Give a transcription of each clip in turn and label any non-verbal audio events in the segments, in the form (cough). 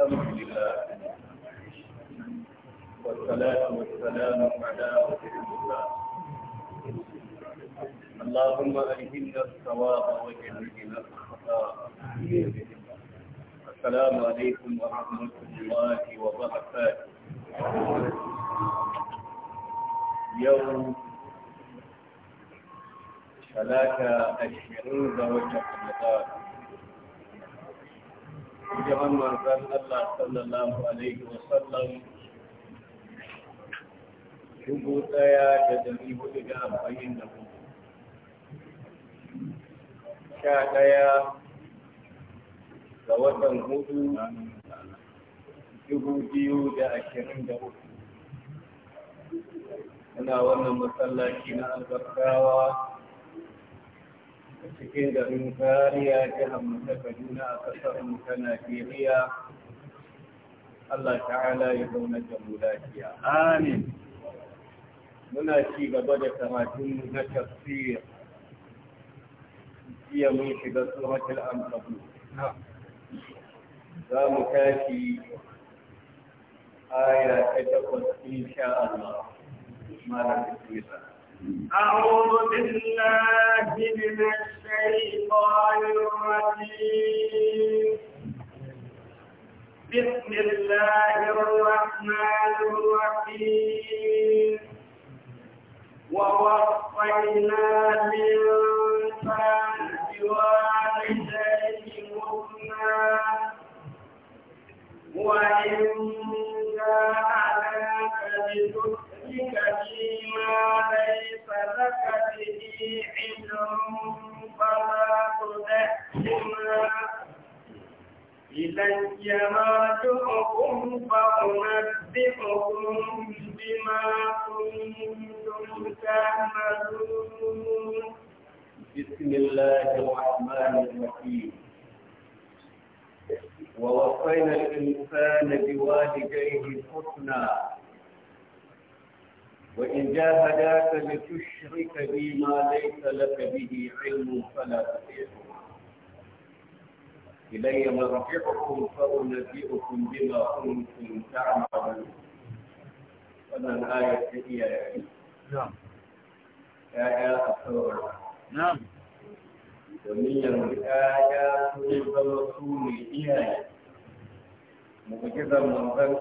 الحمد لله والصلاة والسلام على رسول الله اللهم ألهمنا الصواب وجنبنا الخطأ السلام عليكم ورحمة الله وبركاته يوم ثلاثة أشهر ذوي رمضان yawan manzan Allah sallallahu Alaihi wasallam dubu daya da dari hudu da arba'in da hudu sha daya ga watan hudu dubu biyu da ashirin da hudu Muna wannan masallaci na albarkawa cikin garin kariya jihar ta kaduna a ƙasar mu ta najeriya allah ta'ala ya zauna da mu lafiya amin muna ci gaba da karatun na tafsir jiya mun shiga suratul ankabu za mu tashi aya ta takwas insha Allah malam bismillah أعوذ بالله من الشيطان الرجيم بسم الله الرحمن الرحيم ووصينا الإنسان بوالديه حسنا وإن جاءناك لتسلم مما ليس لك به علم فلا تدعهما إلي مرجعكم فأنبئكم بما كنتم تعملون بسم الله الرحمن الرحيم ووصينا الإنسان بوالديه حسنا وإن جاهداك لتشرك بي ما ليس لك به علم فلا تطيعهما إلي مرجعكم فأنبئكم بما كنتم تعملون فما الآية هي يا نعم يا يا نعم ومن الآيات الرسول إياه مجدا من الله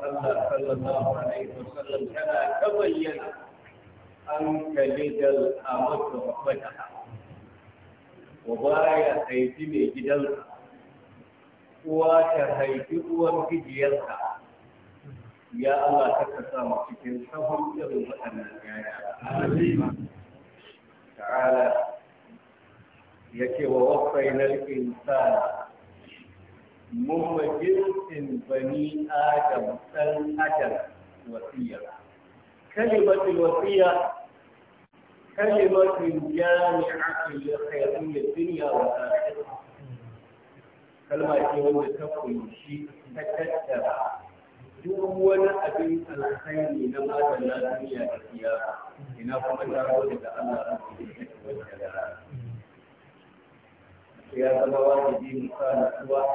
صلى الله عليه وسلم كما تبين an kalidal a wata wata uba ya haifi mai gidansa uwa ta haifi uwar gijiyarsa ya Allah ta ka sa cikin sahun irin waɗannan yaya ta'ala yake wa wafainal insana mun majinsin bani adam ɗan adam wasiya kalimatul wasiya كلمة جامعة لخير الدنيا والآخرة كلمة يوم تكون شيء تكتب جوانا أبين الخير لما جلال الدنيا تكيا إنا فما لك أن الله يا سماوات الدين كان سوى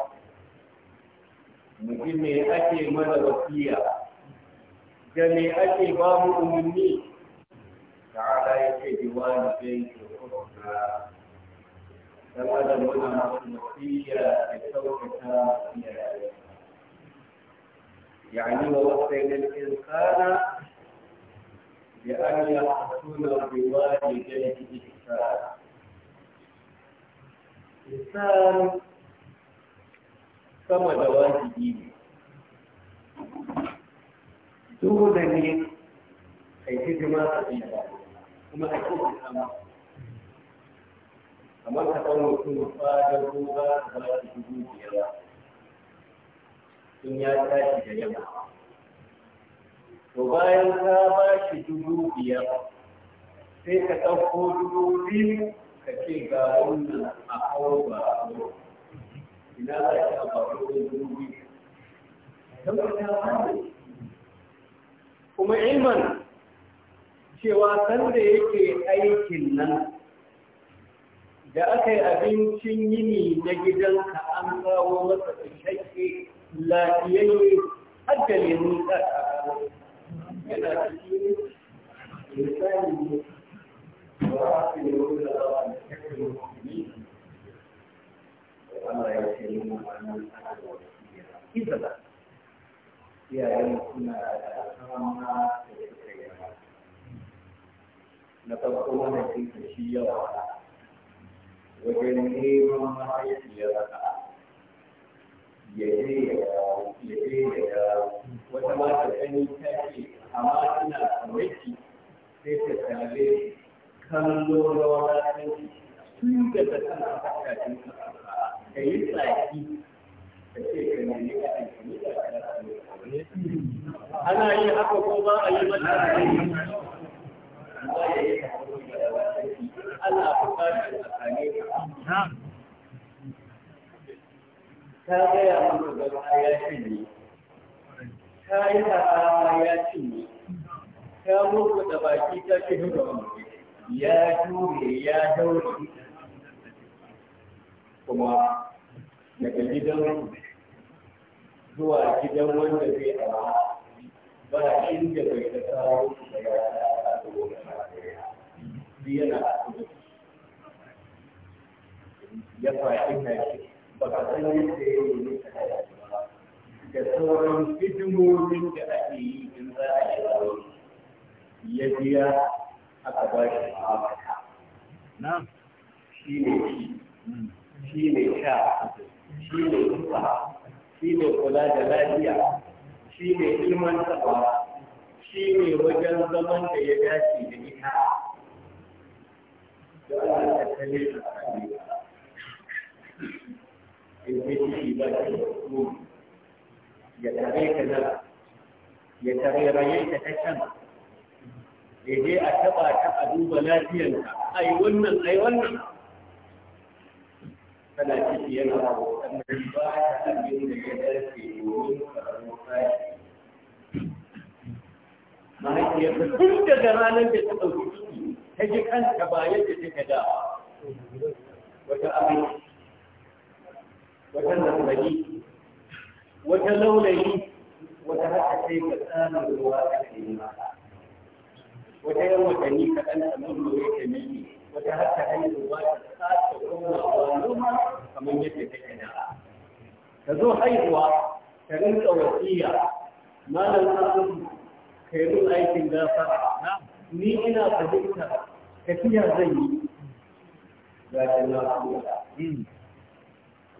مجمع أكي مدى وفيا جميع أكي بام أمني تعالى يتي بوالديه حسنا كما لنا مصنفية بسوكة يعني ووصينا الإنسان بأن يحسن بوالديه إحسانا إنسان sama دواجي wajibi ne dole ne kai hidima ta kuma a cikin kama kamar ka ɗan mutum fadar ruwa da ba su dubu biyar in ya tashi da yamma to bayan ka ba shi dubu biyar sai ka ɗauko dubu biyu ka ce ga wannan a kawo ba a ina za ka ba dubu biyu don ka ta kuma ilman cewa sanda yake aikin nan da aka yi abincin yini na gidanka an kawo masa tsakiyake lafiyayye hadda lemun sa yana cikin ne ba a da ba Allah ya yi Izala, suna da na farko wanda kinka shi yawa wajen neman mahaifiyar ka ya je ya dawo ya je ya dawo wata mata gani ta ce amma ina kamaki sai ta tare kallo na wadatanci tun da ta tana hakkatin ka ka yi tsaki ta ce ka nemi ka aiki ne ana yin haka ko ba a yi mata ta gaya maka gaba ya cinye ta yi sahara ya cinye ta muku da baki ta ce ya jure ya daure kuma daga gidan zuwa gidan wanda zai aura ba inda bai da kawo da ya ta a yana a ya faɗi na shi ba ka san yadda ya yi da sauran hidimomin da ake yi in za a yi aure ya biya aka ba shi ma'amata na shi ne shi shi ne sha shi ne kusa shi ne kula da lafiya shi ne ilman tabawa shi ne wajen zaman da ya dace da ita da Allah ta kalli kare ta يريد عبادة المؤمن يتغير كذا يتغير يتحسن يجي أتبع تأدوب لا تينك أي ونن أي ونن فلا تشي أنا أن الإباحة تأمين يدرس في يوم ما هي كل جرانا تتوجه تجي أنت بايد تتداعى وتأمين wata lambari wata laulayi wata haka sai ka samun ruwa a cikin mata wata yan watanni kaɗan da mullo ya ke miki wata haka haihuwa ta sake komawa noma kamar yadda take da ka zo haihuwa ka rinka wasiya malam abu ka yi min aikin gafara ni ina fahimta tafiya zan yi ga jama'a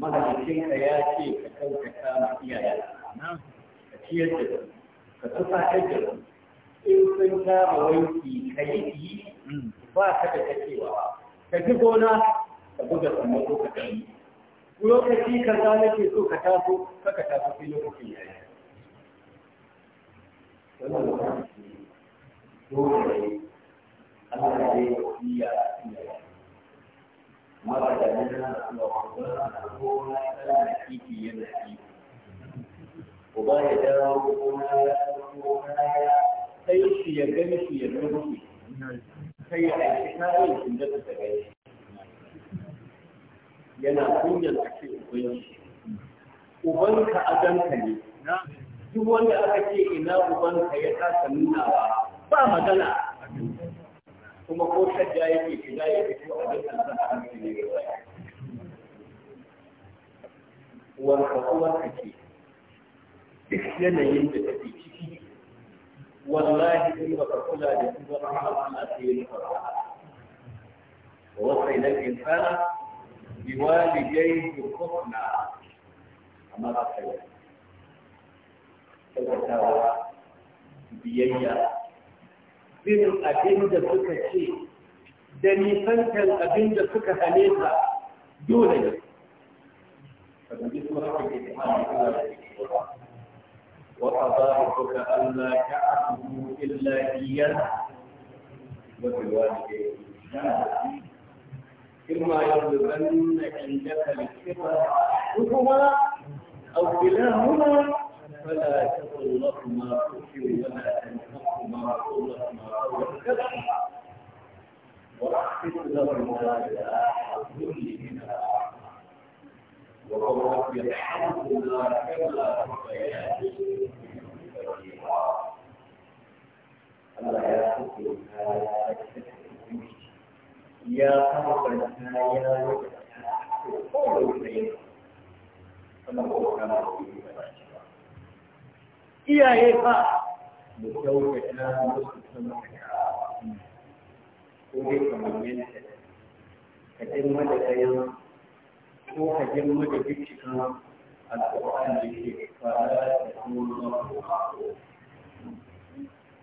mahalicinka ya ce ka kyautata ma iyaye ka ciyar da su ka tufatar ta su in sun kama wanki ka yi ba ka da kacewa ka ji gona ka buga sammako ka gani lokaci ka za ke so ka taso ka taso sai lokacin ya yi wannan lokaci dole ne Allah ya yi wasiya a cikin uba ya dawo gona ya gona ya sai shi ya shi da yana a ce shi ne duk wanda aka ce ina uban ya kasa nuna ba ba magana kuma ko shajja yake shiga ya fito a dukkan sana'a ne ne uwarka uwarka ce duk yanayin da take ciki wallahi in baka kula da su ba Allah Allah sai ya nufa wa wasai lak insana bi walidayhi husna amma ka kai kyautatawa biyayya bin abin da suka ce da nisantar abin da suka hane ka dole ne وقضى ربك ألا تعبدوا إلا إياه وبالوالدين إما يغلبن عندك الكبر أحدهما أو كلاهما فلا تقل لكم ما تؤتي ولا تنفقكم ما تقول لكم ما تقول لكم واحفظ لهم هذا كل من وهو رب يرحمهما كما ربياني صغيرا الله يغفر هذا يا قلبنا يا وجهنا قولوا اليه فنقول كما ربي iyaye fa mu kyautata musu kyautatawa ko dai kamar yadda ka jimma da ɗayan ko ka jimma da bincikan alƙur'an da ke fara da kuma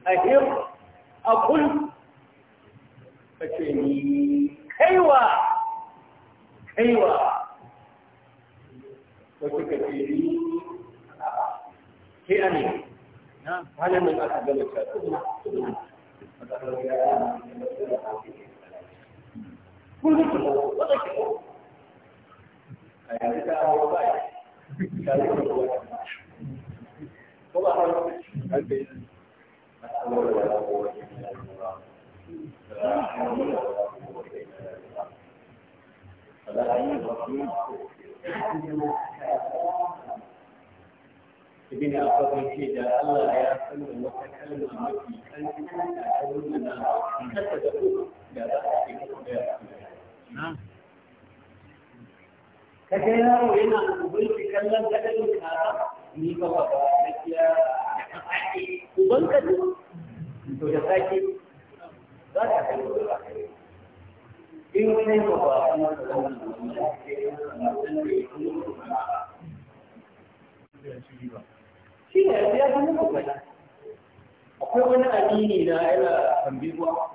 ahim a kul ka ce ni kaiwa kaiwa ko suka ce ni sai a ne halin nan aka gama Thank you. shi ne aka da Allah ya san da wata kalma mafi kankanta ta nuna na kasa da ku da za a ce muku da ya kaga yaro yana ubanci kallon gadon kaza ni ba ba ba gaskiya da kake uban ka to da kake za ka kai ba ina kai ba ba kuma da wannan sai ba san da ba shi ne yanzu ya zama gwamna akwai wani amini na yana tambiwa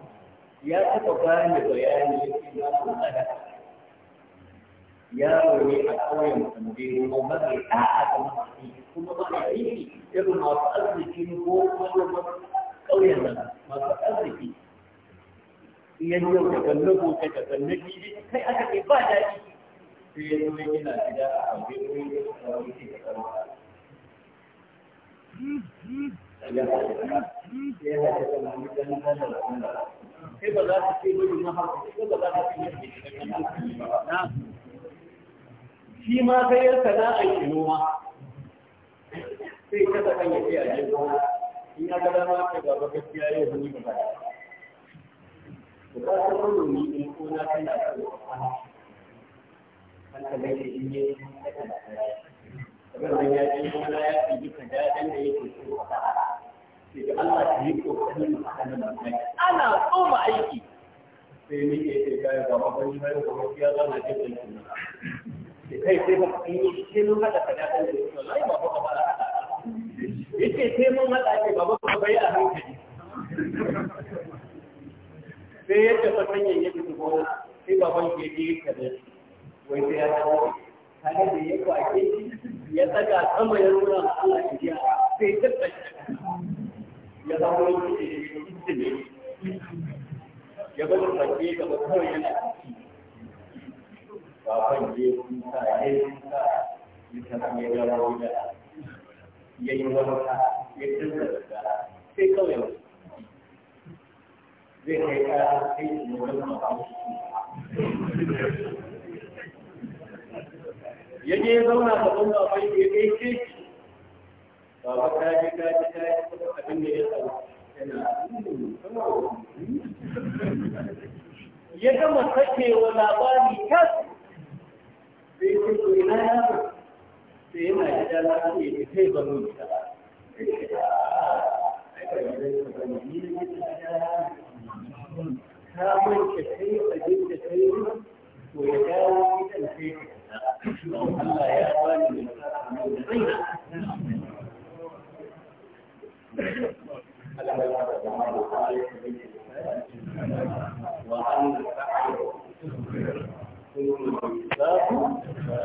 ya taɓa bani bayani ya ce na matsala yaro ne a ƙauyen tambiwa mafi ɗa'a da mafi kuma mafi irin masu arziki ko kuma ƙauyen nan masu arziki yan yau da kallon gobe da kallon jiji kai aka ke ba daɗi sai ya zo yana gida a tambiwa ya ce da ƙarfa kai ba za ka ce na ba za shi ma sai ya a yi noma sai kasa kan ya a je gona in ya ga dama ka gaba gaskiya yau ni ba ba ka san manomi in gona tana da wahala an ka gaishe in yi kana da wannan ya kuma da yake so sai Allah ta yi ƙoƙarin ana tsoma aiki sai ni ke babban mai ya zama wai sai ya dawo tare da ya kwake ya saka sama ya nuna a Allah shi ya sai ta tsaye ya zama wani shi ne ya bada fage ga mutum yana ba ban je kusa ya yi kusa ya tafi ya dawo gida ya yi wanka ya dinga da sai kawai zai kai ka sai shi ne wani mafi ya je zauna ka baban ya kai ce baba ta ji ta ji ta ji abin da ya tsawo hmm. ya gama sakewa labari tas sai ce to ina sai yana gida lafiya ya kai ba mu ah, ta ba ka manke kai abin da kai to ya dawo gidan sai Allah ya bani وعن سعد ثم يزاق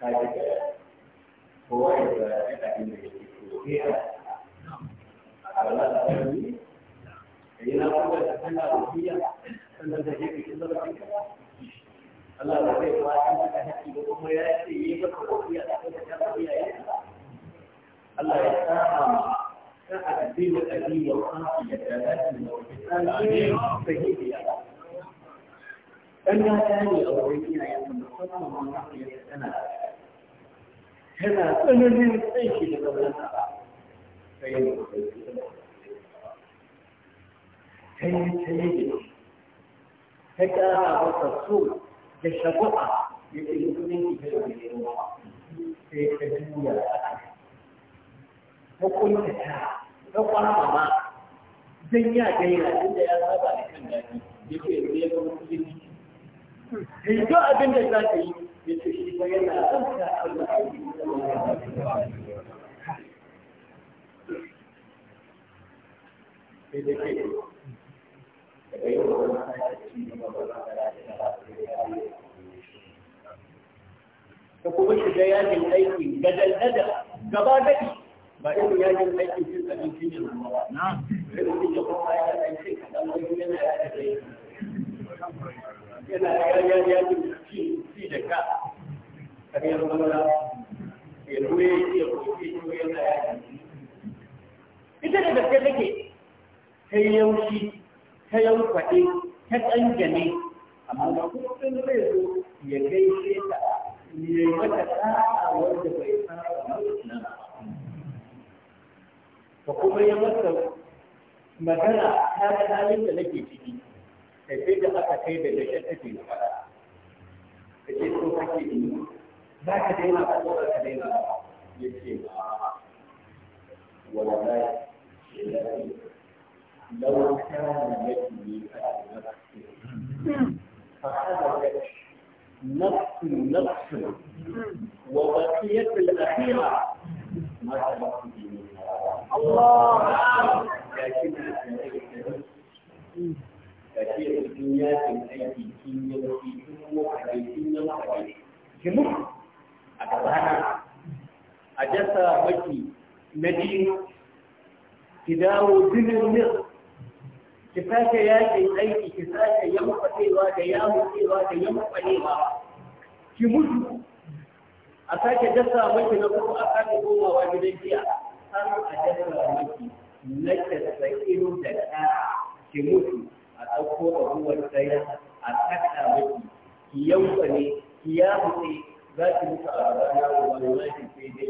Thank you. kowa ya saurari abin da ya ko a wala da wani yi da cikin kuma ya ce da ya ta da da da iyayen musamman wanda tana tsananin aiki shi da zaman ba Ta yi kai ta yi ta ƙara masa so da shagwaba ya ce yi kudin ki ta yi yi ta juya ta kunta ta ta kwama ma zan ya gaira inda ya saba da kan daji ya yi ta yi ta yi ta yi ta yi ta yi yace shi ba yana son ta Allah sai da ba ba da kuma shiga yajin aiki gadalgada gaba gadi ba irin yajin aikin cin abincin yin ruwa ba na irin yana yana ya ya ci ci da ka kare zama da ya ruwe ya koke ko yana ya ita da gaske take ta yaushi ta yankwaɗe ta ƙanjane amma ba kuma sun zai zo ya gaishe ta ya yi mata sa'a wanda bai fara mutum ba kuma ya masa magana ta ga halin da nake ciki sai sai da aka kai da gashin take da fada ka ce so kake yi za ka daina ba ko ka daina ba ya ce ba wallahi لو كان يدي نفسي فخرجت نفس نفس وبقيت الأخيرة ما تبقي الله madina ki dawo birnin mir ki sake yakin aiki ki sake yamfaɗewa da yamfaɗewa da yamfaɗewa ki mutu a sake dasa maki na kuma a sake komawa gidan jiya har a dasa maki na tasa'in da ɗaya ki mutu a ɗauko abubuwan tsaya a saka maki ki yamfaɗe ki yamfaɗe za ki mutu a ranar wani lafi sai dai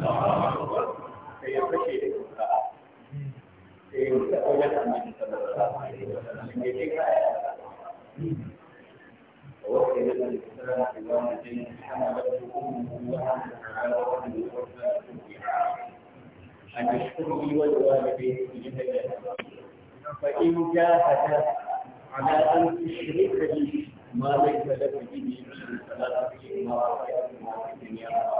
sai ya fashe da kuka فان جاهد على ان تشرك ما ليس لك به علم فلا تشرك ما في الدنيا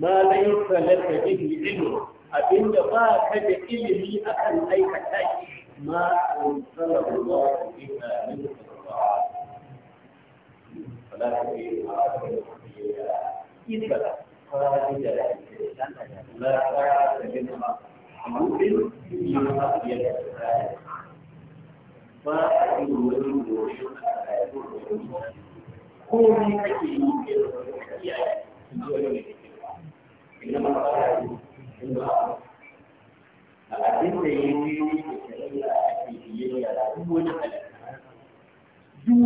ما ليس لك به علم ما باك بإلمي أكن أي كتاك ما أنزل الله بها من الصعاد فلا ko ni kake yi ke da wani kariya a cikin wani ne إنما قال da ya duk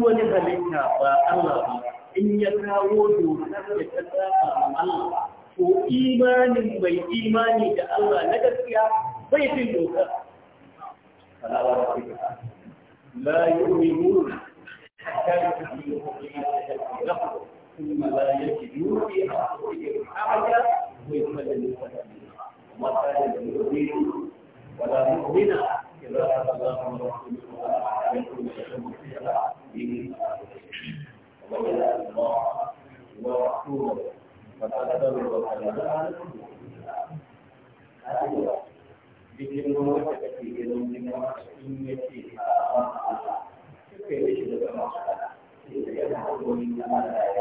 wani halitta ba Allah ba in ya kawo dokar da ta saba Allah ko imanin bai imani da Allah na gaskiya bai fi dokar la yu'minun hatta yu'minu billahi wa la yajidu fi anfusihim haja هو يقبل وما كان المؤمن ولا مؤمن إذا أتى da ke gidan jima da da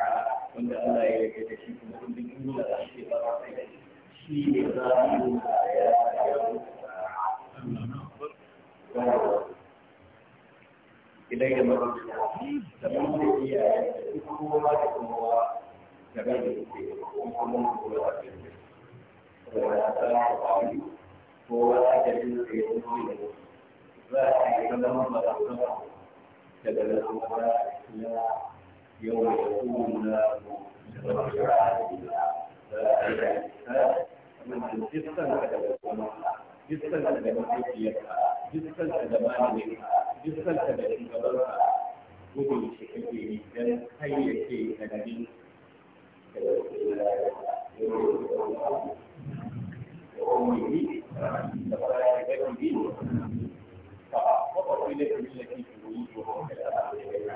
abin da Allah ya yarda da shi kuma kullum in nuna da shi ba shi ne za a yi da ya ilai da marubuta da mun da iyaye da duk kowa da kowa da bai da kuke kuma kuma kowa da kuke kowa da kuke kowa da kuke kowa da kuke za a da zama mara daga da kuma ya يوم يقوم الناس جسداً da mahaifiyarka jiskan ka da malaminka jiskan ka da shugabanka gudun shi kake yi don kai ya ce ka nabi فأخبر إليه التي تريده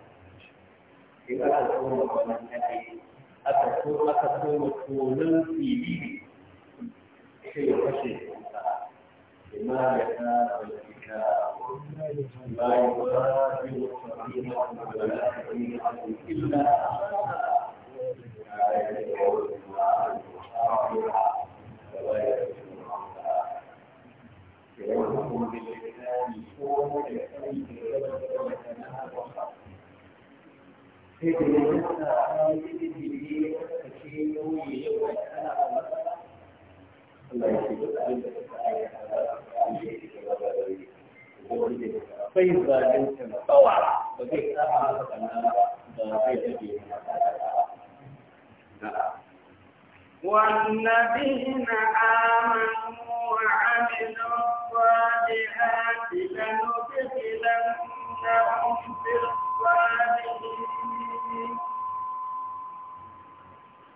sai aka koma masallaci aka so aka koma tonon fili sai ya fashe ma ya ta balika ba ya ba ya sai da yin sa a cikin da ke yoyi yau da ana a masana Allah ya ce duk abin da suka aikata a cikin da gaba da yi ubangiji bai zalunta tsawa ba zai tsara masa kanna ba zai tafi والذين آمنوا وعملوا الصالحات لندخلنهم في الصالحين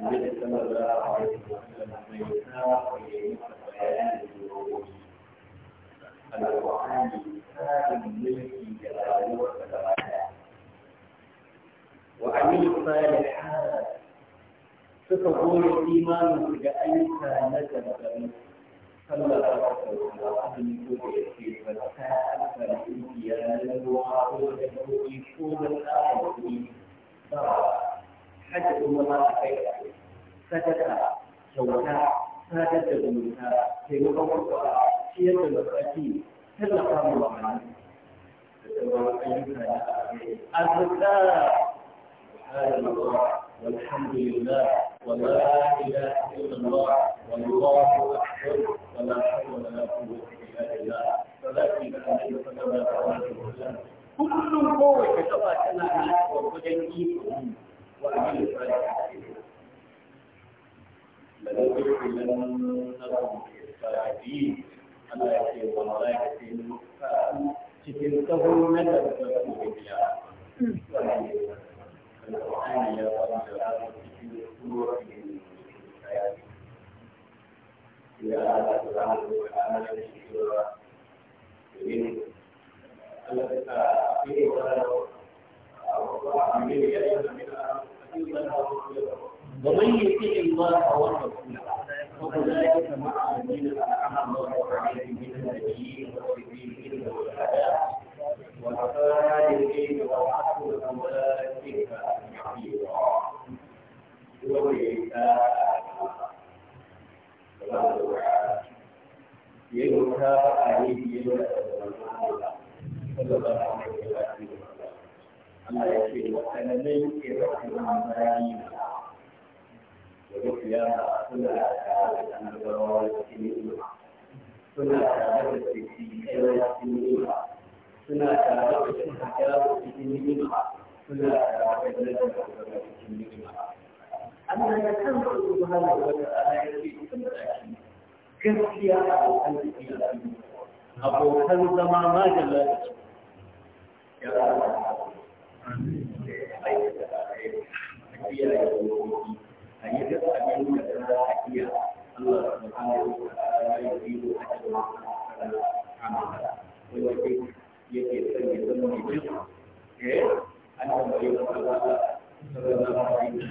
النبي صلى الله عليه وسلم من يسار في بيان الوجود القرآن كتاب الملك جلاله وتعالى وعمل الصالحات تقول الإيمان بأنك نزل بنفسك صلى الله عليه وسلم في فتاة فالإنسان وعقول الحقوق كل الآخرين hajji umara a kai sadaka kyauta sadar da zumunta taimakon kwakwa ciyar da ta tallafa mu ba ma da sauran ayyuka da arzika سبحان الله والحمد لله ولا إله إلا الله eh an tambaye Allah sallallahu alaihi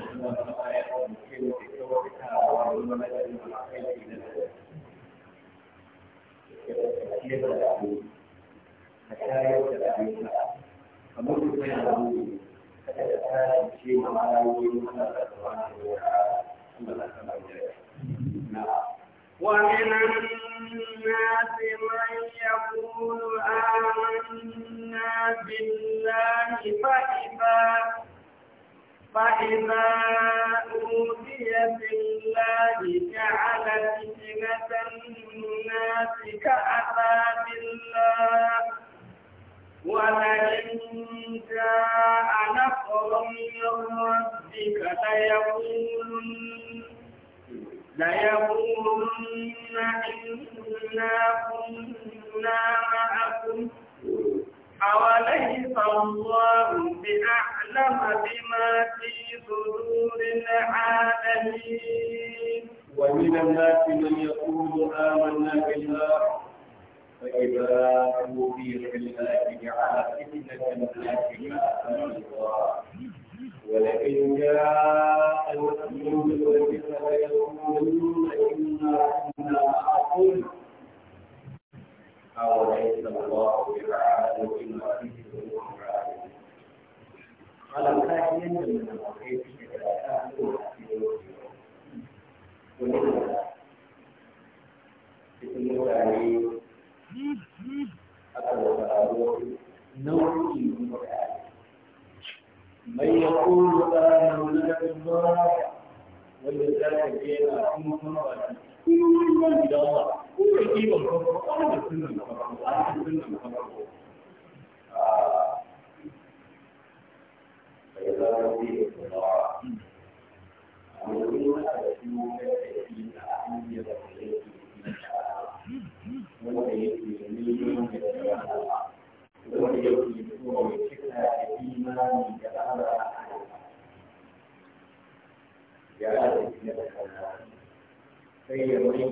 ruwan ki da Allah ku da kiwon farko wani da sunan farko wani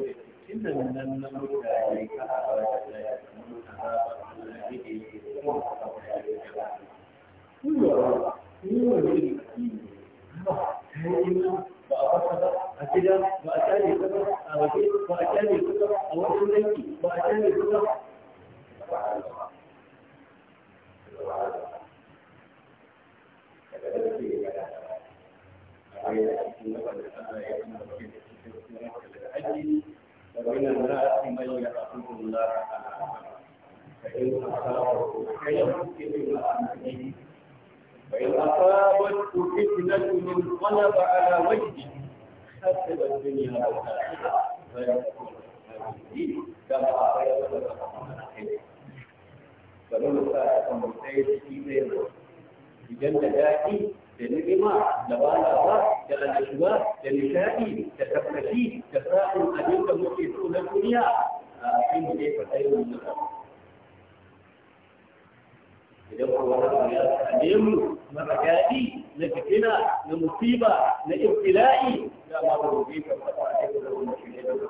da inda wannan na mota ya ka a da a ke Kuma ba yi ba a ba a ba a ba a ba a ba a ba a ba. Thank you. ومن الناس من يعبد الله فإن أصابته خير فإن أمره وإن أصابته فتنة انقلب على وجهه حسب الدنيا والآخرة فيقول كما أعطيت الرحمن فمن ساعة مرتين في ذلك idan da daɗi da ni'ima da balawa da annashuwa da nishadi da tabbaci da samun abin da muke so na duniya a cikin da ya fasai wani idan kuma wani ya same mu mara daɗi na fitina na musiba na ibtila'i da ma ba rubi ka fata a cikin da wani shi ne da ba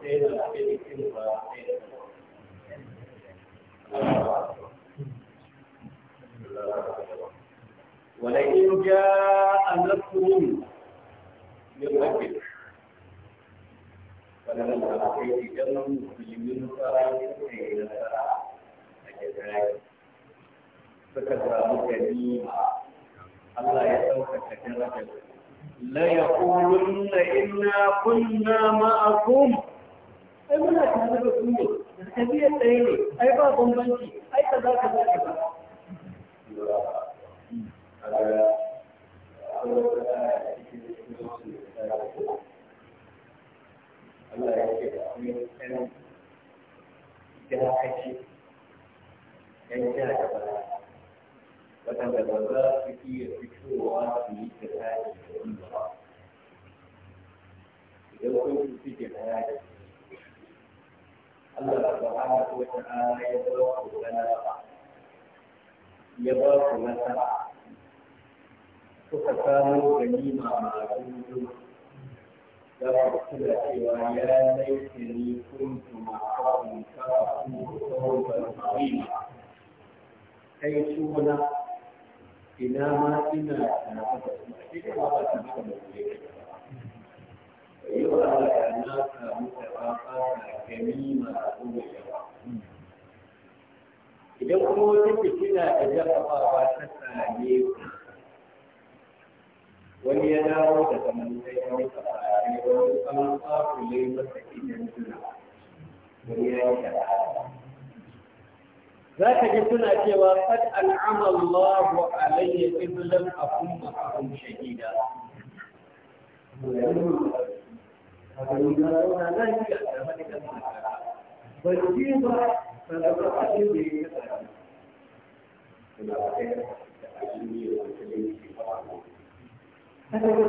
sai da ake cikin ba sai da ولئن جاء نصر من ربك ولمن أعطيت جنة مسلمين فرأيت نصرا أجزاك فكثر مكريما الله يسوك كثرة لا يقولن إنا كنا معكم ai muna tare da su ne da tafiyar ɗaya ne ai ba bambanci ai ka za ka za ka ba Allah ya ce da akwai ɗan jahaci ɗan jihar bala waɗanda ba za su iya fitowa su yi da tashi da wanda ba idan kun su fi da tashi Allah subhanahu wa ta'ala ya ba ku nasara ya ba ku nasara suka samu ganima masu zuwa da ku kula cewa ya laifin ni kuntu ma'akawun kafa ku tsawon barbarima kai suna ina ma ina na kasa suna ita ma ba ta maka mai yi wa ya na samu karfafa da ganima zuwa yawa idan kuma wata fitina da jarrabawa ta same ku wani ya dawo da zamantai ya wuce a rari wani an tsafi ne masa idan suna wani ya yi shahada za ka ji suna cewa kad al'ama Allahu alayya in lam akun ma'akum shahida ban ji ba sanarwa a cikin da ya yi kasar tsauri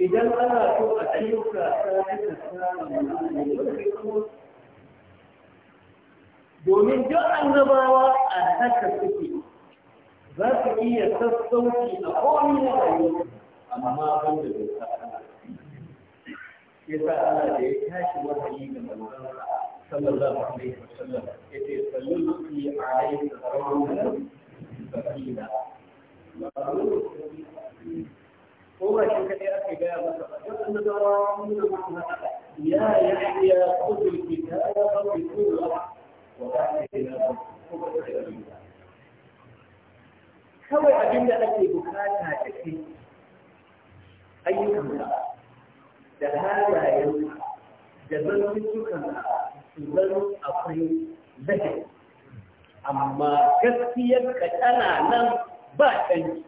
idan ana so a ayyuka ta domin duk annabawa a haka suke za su iya sassauci a kowane rayuwa amma ban da doka Allah shi yasa Allah da ya tashi wahayi ga manzon sallallahu alaihi wasallam yace sallallahu alaihi wasallam sakina ko ba shi kadai aka gaya masa ba duk annabawa mun da mun ya yahya qul kitaba qul kawai abinda ake bukata da kai ayyukan da halayen da zantukan su zan akwai zahiri amma gaskiyar ka tana nan ba canji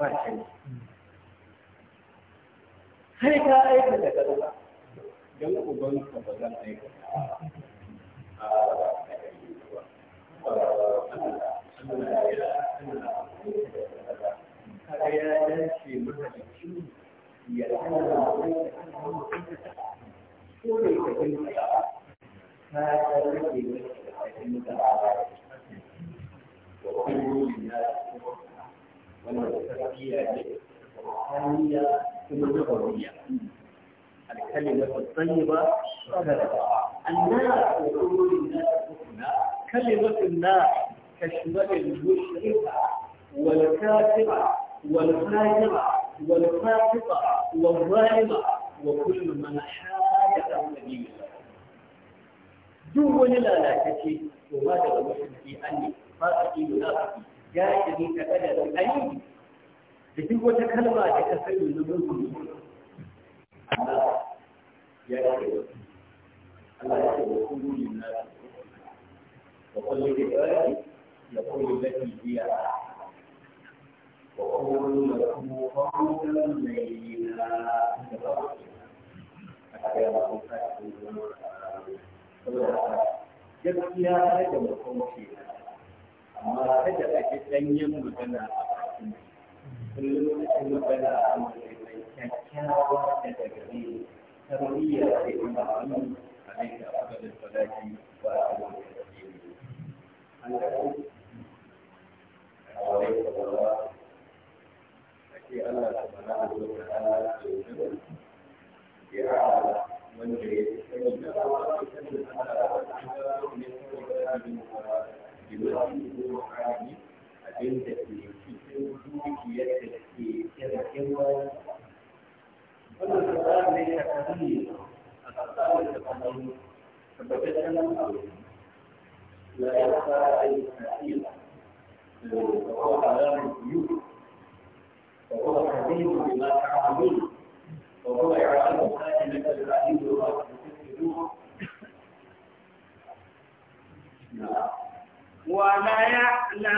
ba canji har ka aikata kaza don ubanka ba zan aikata a kaga ya dace mahalicci ya Allah wai da Allah wai da ko da ka yi ka ta rage masa da Allah wa kullu ya wannan tarbiyya ne ruhaniya kuma nabawiyya الكلمة الطيبة النار وكل النار كلمة النار كشمل المشركة والكافرة والفاجرة والفاسقة والظالمة وكل من حاد عن سبيل الله دون لا لا تشي وما دعوا مشركي أني فاسقي منافقي جاهلي تكلم أني لكن وتكلم تكفل من منكم الله يا رب الله يقول كل الناس وكل عبادي يقول التي هي أحسن وقول له قولا لينا gaskiya rage makonci amma rage ake ɗanyen magana a bakin kullum ake magana a mai kyakkyawa da daga ne tarbiyya da imamu a nan da abubuwan falaki ba a kan da ne an ga a wani sai Allah subhanahu wa ta'ala ya yi ya wanda ya sani da Allah ya sani da Allah ya sani da Allah ya abin da ke cikin dukiyar da ke kira kewa wannan da za mu yi a kari a tsakanin da kanan tabbataccen abu la ya fara ayyuka da kawo alamun yiwu وهو حبيب بما تعملون وهو يعلم خائنة العين وما تفسدون ولا يعلمن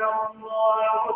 الله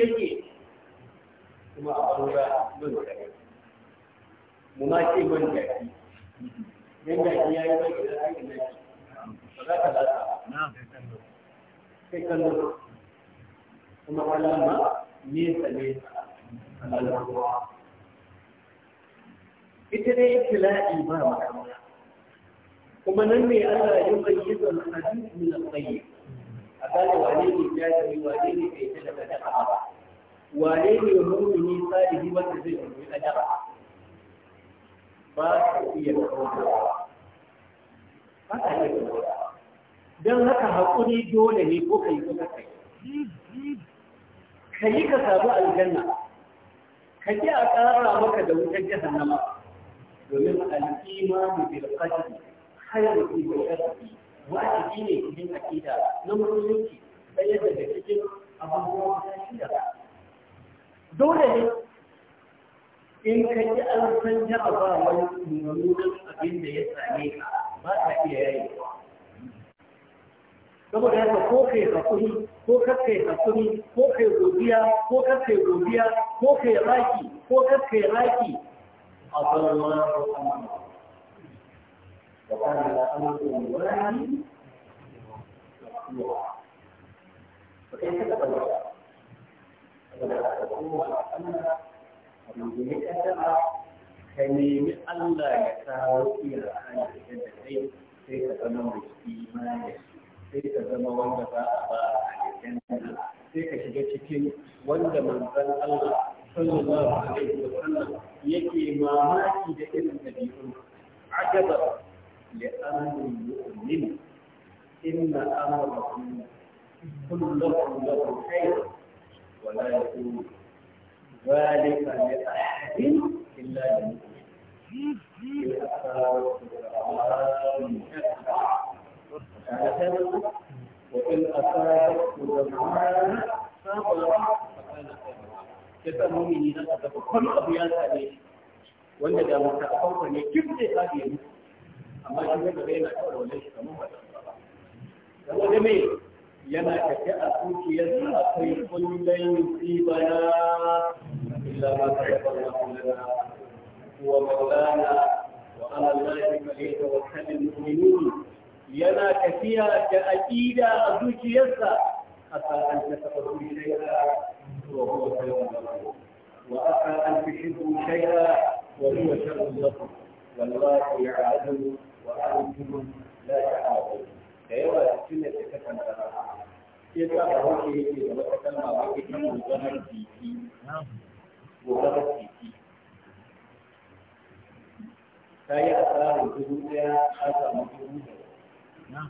yake kuma a banza man jaki mu ma ce ya yi mai gidan na shi. ba za ka lasa sai kallo kuma kallon nesa nesa al'arwa ita dai ibtila'i ba makamata kuma nan ne Allah ya bayyana al-hadith min al a gane wane ne jahili wane ne kai ta daga da'a wane ne mummuni salihi wanda zai yi kadara ba ta iya kawo ba ta iya kawo don haka haƙuri dole ne ko ka yi ko kai ka yi ka samu aljanna ka ji a ƙara maka da wutar jahannama domin al'ima al'imanu bil qadri khairu bil qadri wajibi ne cikin akida na musulunci ɗaya daga cikin abubuwan da shida dole ne in ka ji an san jarabawar mummunan abin da ya same ka ba ka iya yayi saboda haka ko kai hakuri ko kakai hakuri ko kai godiya ko kakai godiya ko kai raki ko kakai raki a zama da kuma da amurkin wani da kuma da kuma da ba. ka nemi Allah ya kawo tsira hanyar da ta kai sai ka zama mai imani sai ka zama wanda ba a ba a sai ka shiga cikin wanda manzon Allah sallallahu alaihi wa sallam yake mamaki da irin dabi'un ajaba li amrin mu'min inna amrahu kulluhu lahu khair ولا يكون ذلك لأحد إلا وإن أصابته ذمعان wanda da mata farko ne duk zai tsage mu amma shi ne da yana kawai wannan shi kamar ba da wani mai yana tafi a dukiyarsa akwai kullum tsibana illa ma ta yaba na kullana wa maulana wa ala lahi fa'ida wa kalin mu'minun yana tafiya da aqida a zuciyarsa asa an tasabaru shay'a wa huwa khayrun lakum wa asa an tuhibbu shay'a wa huwa sharrun lakum والله يعلم وأنتم لا تعلمون da yawa da tuna da ta kankara sai ta da hauke yake da wata kalma ba ke kan gobarar titi gobarar titi ta yi asarar dubu ɗaya ta samu dubu da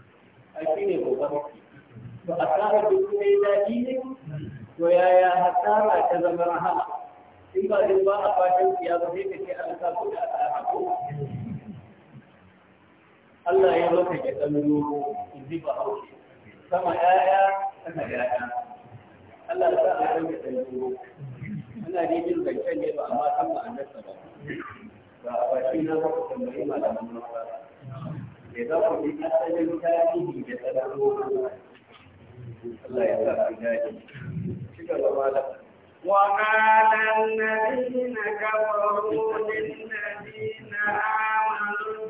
a shi ne gobarar titi to asarar dubu ɗaya daɗi ne to yaya hasara ta zama rahama in ba zai ba a fatan ya ba sai ka ce an sa ku da asara ko Allah ya maka ya ɗan ji ba haushi sama yaya sama yaya Allah ya sa a rage tsanjiro ana ne jin zancen ne ba amma san ma'anarsa ba ba a fashi na ba ku tambayi nan ba za ku asalin tarihi da Allah ya sa ku dace وقال الذين كفروا للذين آمنوا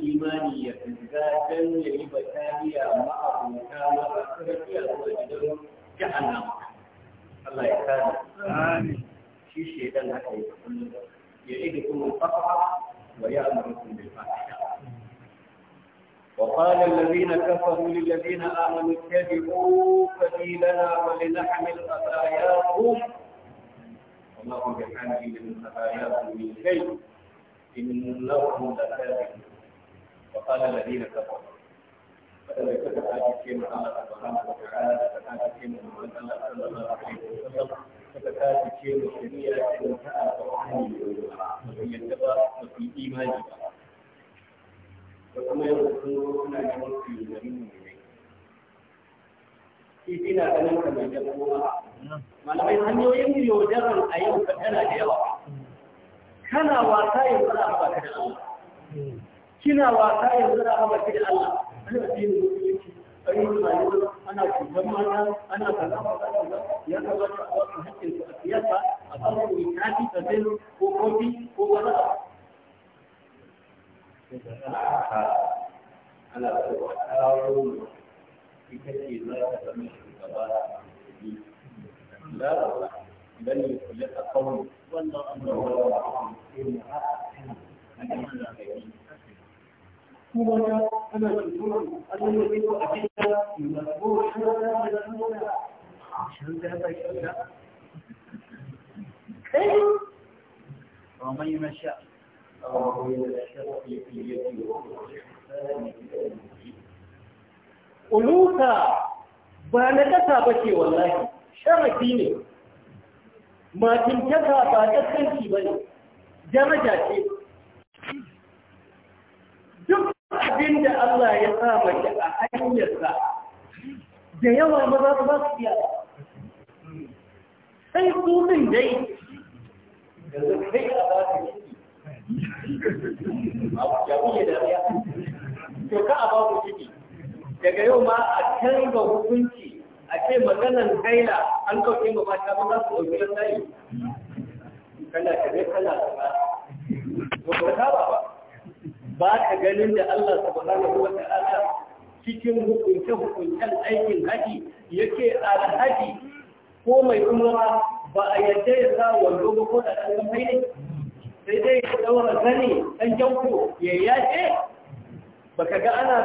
imani ya fita don ya yi bataniya ma'abuta ma'abuta zuwa gidan jahannama Allah ya kare shi shedan haka ya kullum ya rike kuma fasaha wa ya amurkum bil fasaha وقال الذين كفروا للذين آمنوا اتبعوا سبيلنا ولنحمل خطاياكم وما هم بحامل من خطاياكم من شيء إنهم لكاذبون وقال الذين كفروا سبحانه وتعالى kana wasa yanzu za a baka da Allah kina wasa yanzu na hama ki da Allah ana cikin mutunci ai rayuwa ana cutar mata ana kaza kaza ya kamata a wasu hakkin su a siyasa a kan wani kafi da zai ko kofi ko wani ana da kawo ita ce za ta zama shugaba da la بل يخلق قوم والله أمر الله kuma ana tutuwa Allah ya yi a cikin ko shi da shi da ba shi da ba na kasa ba ce wallahi, sharafi ne, matintaka ba kaskanci ba ne, ce, abin da Allah ya sa mace a hanyarsa da yawa su ba su iya sai su min dai da ka a ba ku ciki daga yau ma a canza hukunci a ce maganan haila an kauce ma mata ba za su ɗauki lantarki kana kare kana ba ba ba ba ba ka ganin da Allah subhanahu wa ta'ala cikin hukunce hukuncen aikin haji yake alhaji ko mai umara ba a yadda ya sa wando ba ko da ɗan kai ne sai dai ya daura zane ɗan janko ya yace ba ka ga ana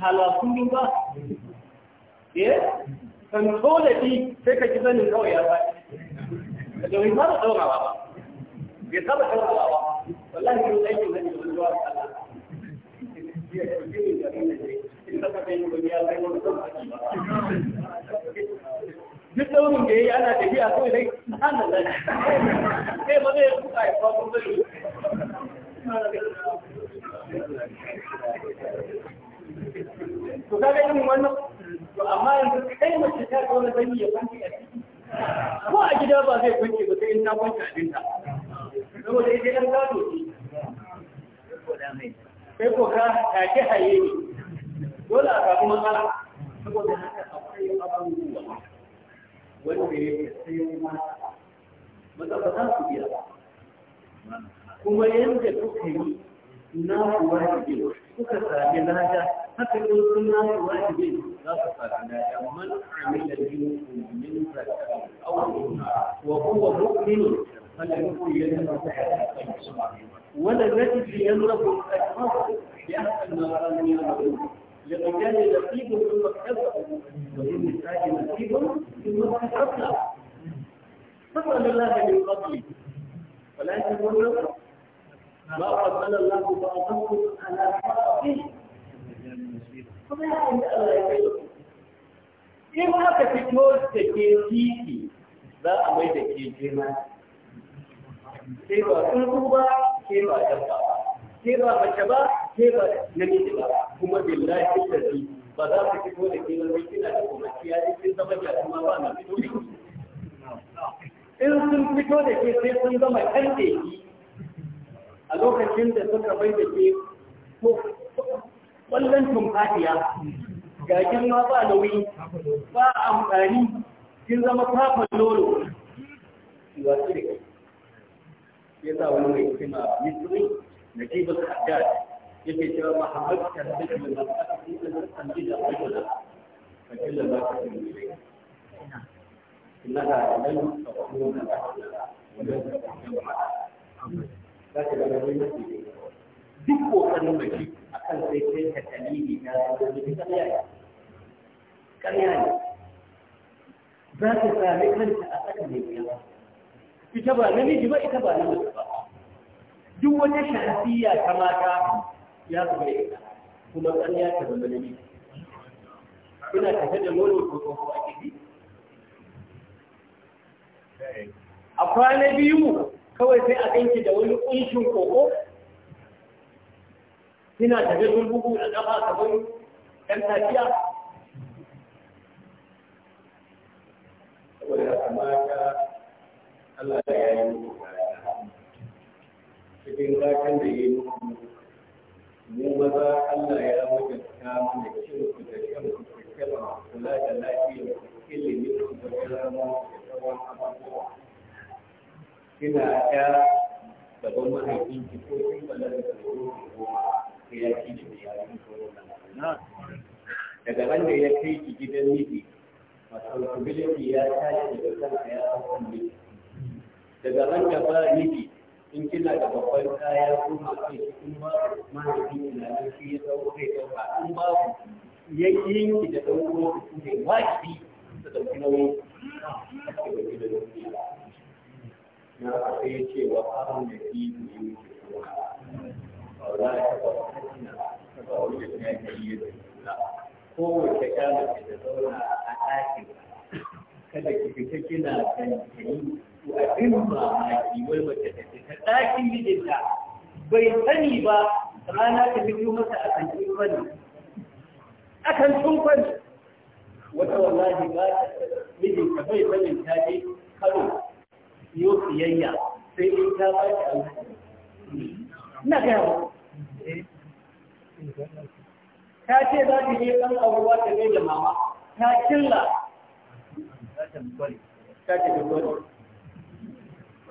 halakun ba eh kan da tsoladi sai ka ji sanin kawai ya ba da wani ba da daurawa ba bai saba daurawa ba wallahi yau aikin haji da wani duk daurin da ya yi ana tafiya kawai dai hannun da sai ba zai kuka ya kwakwa zai to kaga yin wannan to amma yanzu kai mace ta ga wani zanyi ya kwanci a ciki ko a gida ba zai kwanci ba sai in ta kwanci abinta saboda ita yan gado ce sai ko ka take haye ne dole a kuma ala? saboda haka akwai abubuwa wanda ya ke sai mata maza ba za su biya kuma yadda kuka yi na kuwa ke kuka sami lada haka in sun na kuwa ke za su sami lada man amila minkum min zakarin aw wa huwa mu'minun falyu'min yadda kuka yi ولا ان يملك الأشخاص بأحسن ما كانوا يعملون كان نصيب ثم اكتسبوا وللنساء نصيب ثم اكتسبنا فضل الله من فضله ولا تقولوا ما فضل الله بعضكم على بعض فما عند الله يقول in aka fito da ke titi za Sai ba tsuntsu ba sai ba dabba sai ba mace ba sai ba namiji ba kuma billahi da zai ba za su fito da ke wani kina da kuma kiya ne sun zama jatuma ba na fito in sun fito da ke sai sun zama kan ki a lokacin da suka bai da ke ko kwallon tumfadiya ga girma ba nauyi ba amfani sun zama kafa lolo wasu da kai ya sa wani mai hikima misri na jibin haddad yake cewa mahammad ta haddace mai masu cikin da san ji da rajula ka killa ba ka cikin gudai inna da nan ka kuma da ba wajen da ka kuma za ka ga wani mafi duk kokarin a kan sai kai ka dalili na wani karya ne karya ne za ka sami kanta a tsakanin yawa ita ba namiji ba ita ba namiji ba duk wata shafiya ta mata ya zama ita kuma ya ta zama namiji ina tafe da nono ko tsoho a kiji a kwana biyu kawai sai a ganki da wani ƙunshin koko ina tafe sun bugu a ƙafa kamar ɗan tafiya saboda kamata Allah ya yi muku cikin gatan da ya yi muku mu maza Allah ya wajabta mana cin ku da shan ku da kalma kula da lafiyar ku ilimin ku da kalma da sauran abubuwa kina ya gaban mahaifin ki ko kin bala da ya ki da yayin corona daga ran da ya kai ki gidan miji responsibility ya tashi da kanka ya hau kan miji daga ran da ba miki in kina da babban kaya ko mace in ba mahaifi na da shi ya dauko zai dauka in ba yayyin ki da dauko ku ne wajibi da dauki nauyi na a sai ce wa aron da ki ne miki wala ta ba ta ba wani da ya yi da kowace kyamata da zauna a ɗakin kada ki fita kina kan kayi abin mamaki wai mace da ke ta ɗakin mijinta bai sani ba rana ta fito masa a kan tsumfani a kan tsumfani wata wallahi ba ta mijinta bai sanin ta je karo yo siyayya sai in ta ba ta alhaji ina gaya ba ta ce za ta je ɗan abubuwa ta gaida mama ta killa ta ce ta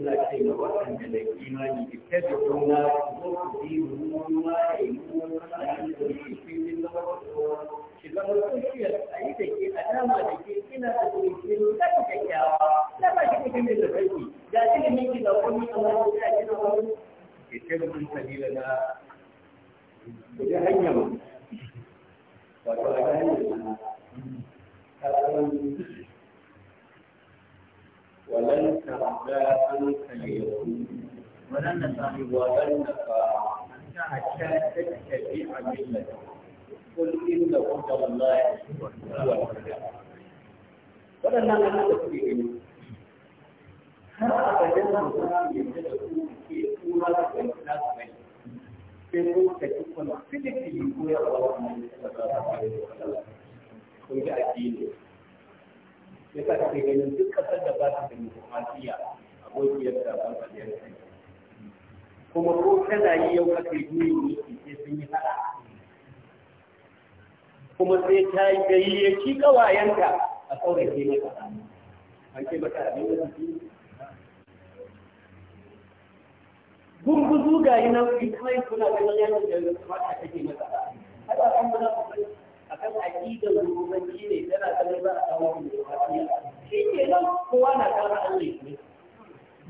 suna ce da waɗanda da imani da ta da kuna ko ruwa da ke a da ke ina ta ba da da ke da ولن ترضى عنك اليهود ولن ترضى حتى تتبع ملته قل إن هدى الله هو الهدى ولن نتبع har abadan nan kuma yadda da ku ke tura da kai na kai sai ku ta ci kuma fili fili ko ya ba wannan da ba ta ko da addini ya sa kake ganin duk kasar da ba ta da a abokiyar da ba ta da kuma ko kana yi yau kake duniya ne sai sun yi fada kuma sai ta yi gayyaci kawayenta a saurace mata an ce mata abin da su gurguzu ga yi nan kuma suna ganin yanzu da mata take mata haɗa an muna kuma akan aƙidar rububanci ne tana ganin za a samu rububanci shi ke nan kowa na kara Allah ne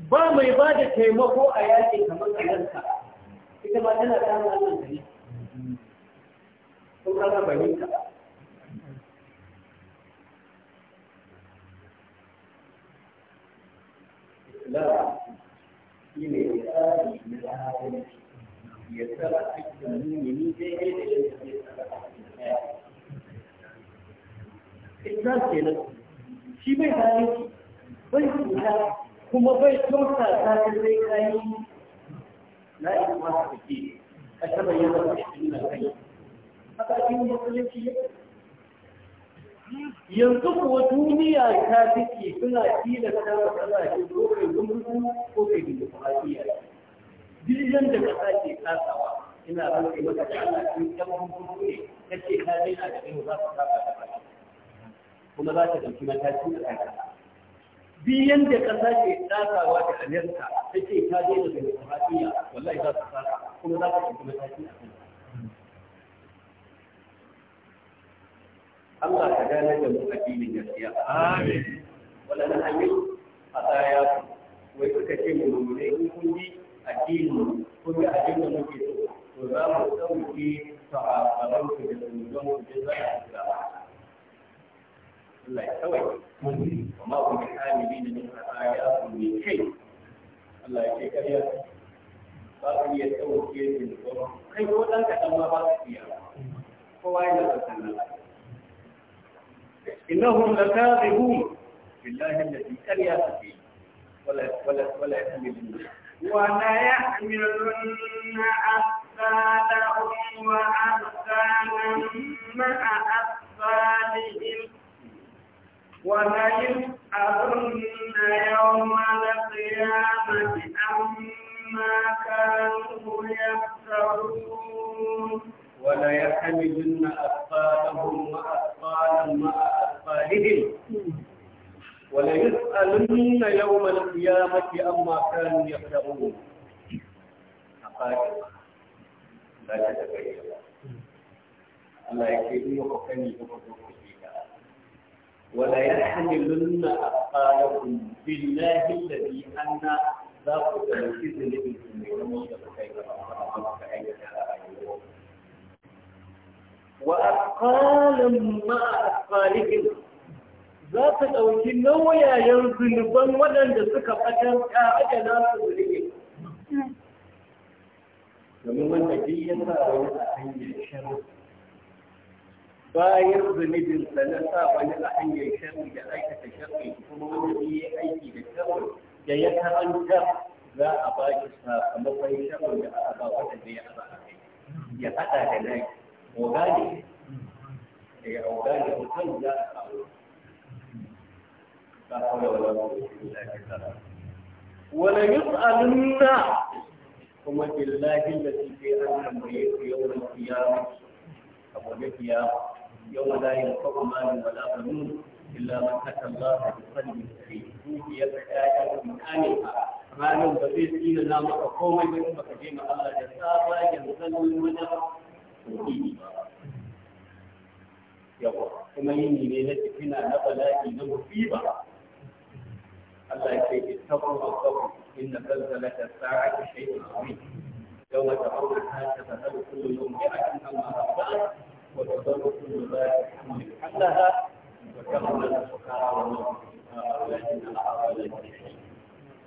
ba mai ba da taimako a yaƙi kamar kanarka ita ma tana kara Allah ne kun kara fahimta insan kenan shi bai bai cuta kuma bai ta ta sai kayi la ikma ta ke a da cikin kai haka ya yanzu kuwa duniya ta take suna kila ta matsala ce ko kai gumrutu ko kai dimokuraɗiyya dilijan da ka sake kasawa ina ran maka da Allah cikin yan gumrutu ne kace ka daina da yau za ka saka kuma za ta ɗauki mataki a kan biyan da ƙasa ke tsakawa da amerika ta ce ta daina da demokradiyya wallahi za su tsaka kuma za ta ɗauki mataki a kan Allah ka gane da mu addinin gaskiya amin wala na hanyar a tsaya wai suka ce mu mummune in kun bi yi addini kun yi addini muke so to za mu ɗauki ta a sahabban su da sunan mu da za a Allah ya kawai amma ku bi hamili da min ayatu min kai Allah ya ce kariya ba ku iya tsawoke min kai ko dan ka dan ma ba ku iya kowa yana san Allah innahum lakadibun billahi alladhi kariya fi wala wala wala yahmilun ولا يحملن أثقالهم وأثقالا مع أثقالهم وليسألن يوم القيامة عما كانوا يفترون وليحملن أثقالهم وأثقالا مع أثقالهم وليسألن يوم القيامة عما كانوا يفترون ولا أثقالكم بالله الذي أن ذاك الإذن لكم وأثقالا مع أثقالهم ذاك الأوجين لو يا ينزل بن ولن تسكب أجل أجل أجل أجل أجل أجل أجل أجل أجل bayan zunubin sa na sa wani a hanyar sharri da aikata sharri kuma wanda ya yi aiki da sharri da ya karanta za a ba shi sakamakon sharri da aka ba wanda zai haɗa a kai ya haɗa da nai ogani da ya ogani mutum za a samu ba kawai wani mutum da ke tsara wala yus'alunna kuma billahi da suke an tambaye su yau da kiyama abu da kiyama يوم لا ينفع مال ولا بنون إلا من أتى الله بقلب سليم توفيت آية من آمنها ranar ba zai tsina na maka komai ba in baka je ma Allah da tsabagen sanin wajen tauhidi ba yawa kuma yini ne na fitina na bala'i na musiba Allah ya ce ittaqu rabbakum inna zalzalata sa'ati shay'un 'azim yawma tahawwala ta tazhalu kullu yawmin bi'atin amma rabbana وتضرب المبارك حلها وكرم الفقراء والمسكين ولكن الأعراض الجحيم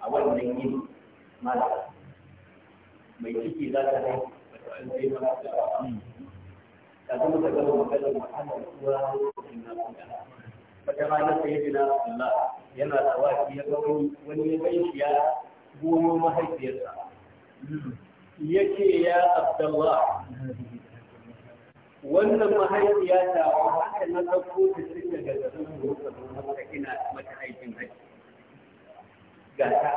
أول من mai ciki za ta haihu an sai da ta ta zama ta gaba maganar muhammad tura lokacin na kuma wata rana sai jina Allah yana waki ya ga wani wani ya bai shi ya gomo mahaifiyarsa ya ce ya abdallah wannan mahaifiya ta wa haka na ɗauko ta tun daga garin Musa maka ina mata aikin haji ga ta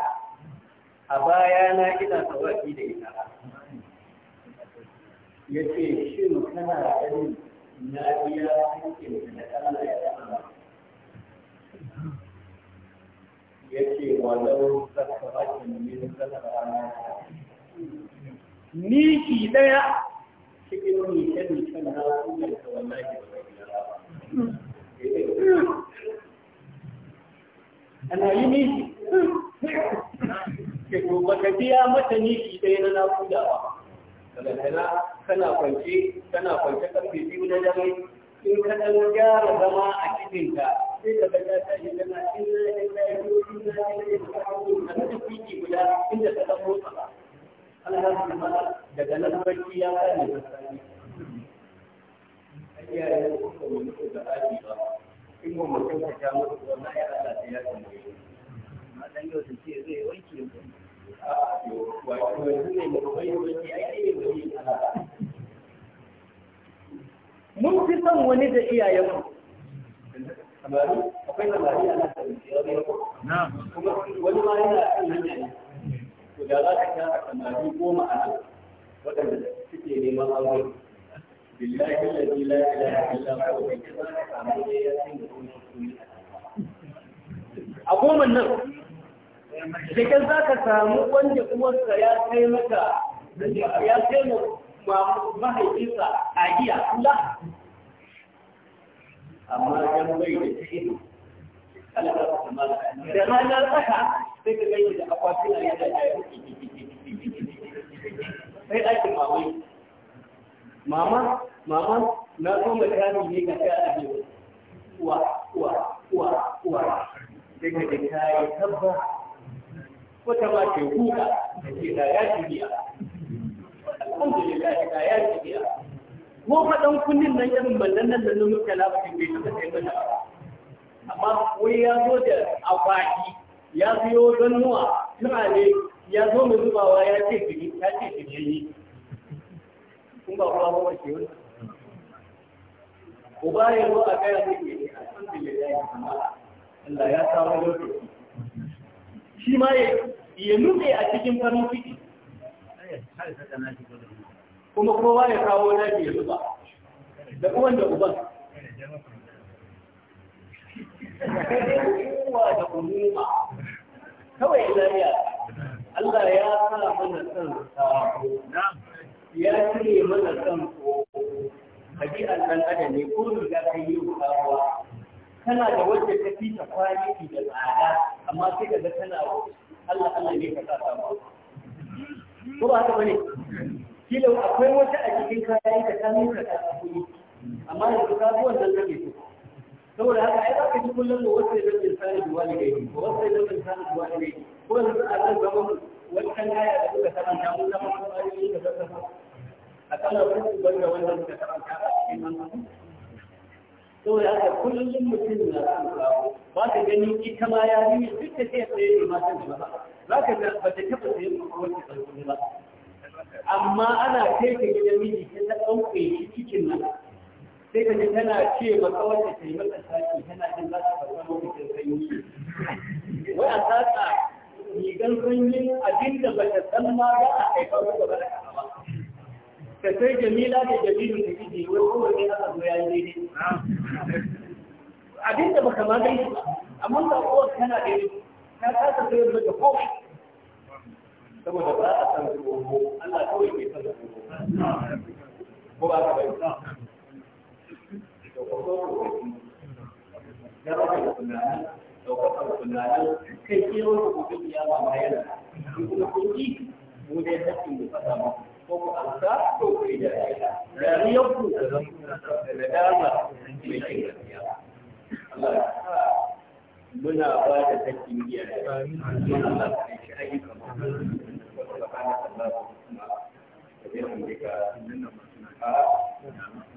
a baya na ina sawaki da ita ya ce shin kana ganin na biya aikin da na Allah ya tsara ya ce walau zaka na min zaka rana ni ki daya cikin nishe-nishen na kunan ta wallahi ana yi nishi ke gobe ka biya mata nishi ɗaya na nakudawa ba, kana kwance kana kwance ƙarfe biyu na dare in ka ɗan gyara zama a cikin ka sai ka ga ta shi tana inna na wa inna ilaihi na a cikin guda inda ka dan motsa Allah su daga nan barci ya kare da sani mutu da aji ba in mu ka ta mutu ya Allah ya ma dan yau da ce zai wanke mu a ne mu bai ai mu yi mun fi son wani da iyayenmu da kuma wani ma yana kan to da za ka kira samari goma a nan waɗanda suke neman aure billahi allazi la ilaha illa huwa kai za ka samu ne ya san da kuma shi a goma nan da za ka samu wanda uwarsa ya kai maka ya kai mahaifinsa a giya Allah amma yan bai da shi da ranar tsaka sai ka gani da akwati na yadda ya sai ɗakin mamai mama mama na so zo mutane ne ga ta a yau uwa uwa uwa uwa sai ka ga ta yi tabba wata ma ke kuka da ke da ya ci biya alhamdulillah da ya ci biya ko faɗan kunnin nan irin ballan nan da nan mutala ba ke kai ta kai mana amma wai ya zo da akwati ya siyo don nuwa ne ya zo mai zubawa ya ce shi ya ce shi ne yi kun ba kuma ba wace wani uba ya zo a kaya ne ke alhamdulillah Allah ya samu lokaci shi ma ya nutse a cikin farin ciki kuma kowa ya kawo nashi ya zuba da kuma da uban kowa (laughs) da umuma kawai ilariya Allah ya sa mana son sako ya cire mana son ko ɗabi'ar ɗan adam ne ko riga ta yi kawowa kana da wanda ta fi ta kwanaki da tsada amma sai ka ga tana Allah Allah ne ka sa samu ko ba haka bane kila akwai wata a cikin kayan ka ta nuna ta kuɗi amma yanzu ka zo wannan zai so saboda haka ai za ka ji kullum da wasu da zai sani da wani gaidi ko wasu da saduwa ne wancan da a a haka kullum mutum na ba ta ita ma ya yi za ka ta ba amma ana kai ka gidan miji ta ta ɗauke shi cikin nan sai ka ji tana ce maka wacce ta tana jin za ta farfa lokacin sanyi wai a tsatsa rigar sanyin abin da ba ta san ma za a haifar da ba ba ka sai jamila da jamilu da kiji wai kuma ne aka zo ya yi daidai abin da ba ka gani ba amma ka kowa kana da ka tsatsa sai mata komai saboda ba a san zuwa Allah kawai san zuwa ko ba ka bai da ko ko da ba ka da ɗaukakar tunanin kai ke wani gobe kiyama ma yana in kuma kun mu dai hakkin mu fada ma ko ku alsa ko ku yi da rayuwar ku da nadama mai cin gaskiya Allah ya sa muna ba da hakkin iyaye Allah ya shi ayyukan mu subhanahu wa ta'ala kuma da yake ka nan nan